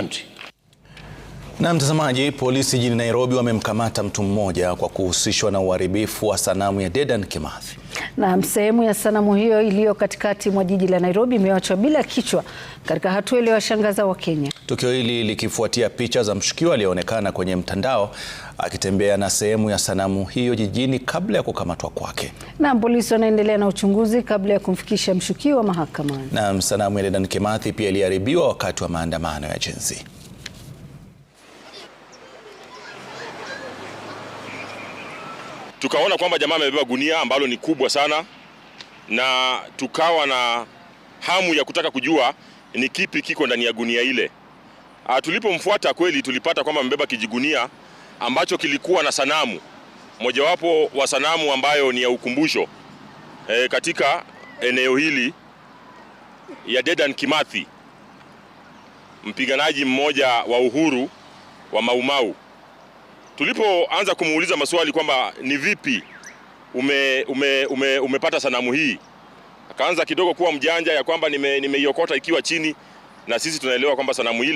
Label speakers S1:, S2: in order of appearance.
S1: country. Na mtazamaji, polisi jijini Nairobi wamemkamata mtu mmoja kwa kuhusishwa na uharibifu wa sanamu ya Dedan Kimathi.
S2: Na sehemu ya sanamu hiyo iliyo katikati mwa jiji la Nairobi imewachwa bila kichwa katika hatua iliyowashangaza Wakenya.
S1: Tukio hili likifuatia picha za mshukiwa aliyeonekana kwenye mtandao akitembea na sehemu ya sanamu hiyo jijini kabla ya kukamatwa kwake.
S2: Na polisi wanaendelea na uchunguzi kabla ya kumfikisha mshukiwa mahakamani.
S1: Na sanamu ya Dedan Kimathi pia iliharibiwa wakati wa maandamano ya Gen
S3: tukaona kwamba jamaa amebeba gunia ambalo ni kubwa sana, na tukawa na hamu ya kutaka kujua ni kipi kiko ndani ya gunia ile. Ah, tulipomfuata kweli tulipata kwamba amebeba kijigunia ambacho kilikuwa na sanamu mojawapo wa sanamu ambayo ni ya ukumbusho e, katika eneo hili ya Dedan Kimathi, mpiganaji mmoja wa uhuru wa Maumau. Tulipoanza kumuuliza maswali kwamba ni vipi ume, ume, ume, umepata sanamu hii, akaanza kidogo kuwa mjanja ya kwamba nimeiokota nime ikiwa chini, na sisi tunaelewa kwamba sanamu